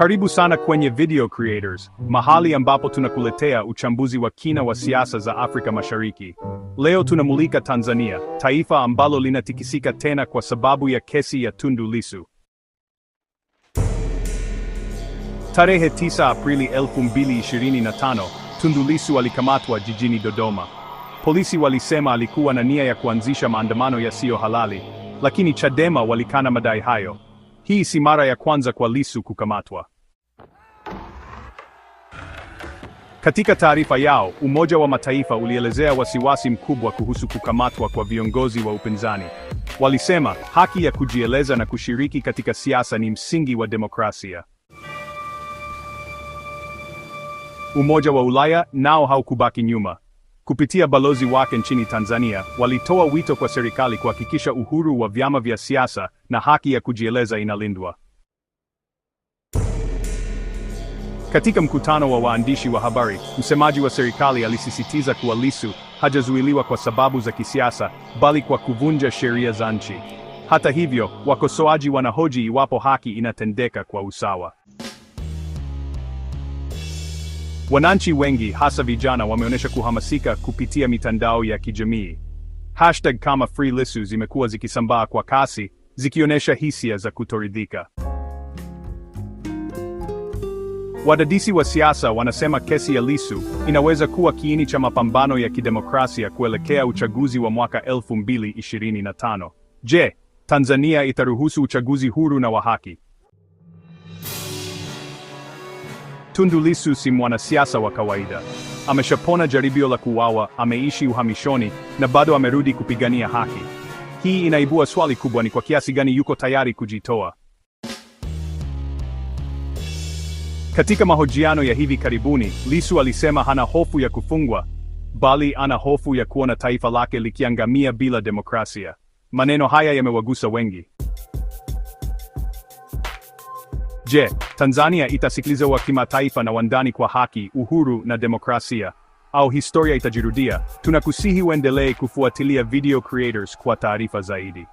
Karibu sana kwenye Video Creators, mahali ambapo tunakuletea uchambuzi wa kina wa siasa za Afrika Mashariki. Leo tunamulika Tanzania, taifa ambalo linatikisika tena kwa sababu ya kesi ya Tundu Lissu. Tarehe 9 Aprili 2025, Tundu Lissu alikamatwa jijini Dodoma. Polisi walisema alikuwa na nia ya kuanzisha maandamano yasiyo halali, lakini Chadema walikana madai hayo. Hii si mara ya kwanza kwa Lissu kukamatwa. Katika taarifa yao, Umoja wa Mataifa ulielezea wasiwasi mkubwa kuhusu kukamatwa kwa viongozi wa upinzani. Walisema, haki ya kujieleza na kushiriki katika siasa ni msingi wa demokrasia. Umoja wa Ulaya nao haukubaki nyuma. Kupitia balozi wake nchini Tanzania, walitoa wito kwa serikali kuhakikisha uhuru wa vyama vya siasa na haki ya kujieleza inalindwa. Katika mkutano wa waandishi wa habari, msemaji wa serikali alisisitiza kuwa Lissu hajazuiliwa kwa sababu za kisiasa, bali kwa kuvunja sheria za nchi. Hata hivyo, wakosoaji wanahoji iwapo haki inatendeka kwa usawa. Wananchi wengi hasa vijana wameonyesha kuhamasika kupitia mitandao ya kijamii. Hashtag kama Free Lissu zimekuwa zikisambaa kwa kasi, zikionyesha hisia za kutoridhika. Wadadisi wa siasa wanasema kesi ya Lissu inaweza kuwa kiini cha mapambano ya kidemokrasia kuelekea uchaguzi wa mwaka 2025. Je, Tanzania itaruhusu uchaguzi huru na wa haki? Tundu Lissu si mwanasiasa wa kawaida. Ameshapona jaribio la kuuawa, ameishi uhamishoni na bado amerudi kupigania haki. Hii inaibua swali kubwa, ni kwa kiasi gani yuko tayari kujitoa. Katika mahojiano ya hivi karibuni, Lissu alisema hana hofu ya kufungwa, bali ana hofu ya kuona taifa lake likiangamia bila demokrasia. Maneno haya yamewagusa wengi. Je, Tanzania itasikilizwa kimataifa na wandani kwa haki, uhuru na demokrasia? au historia itajirudia, tunakusihi uendelee kufuatilia Video Creators kwa taarifa zaidi.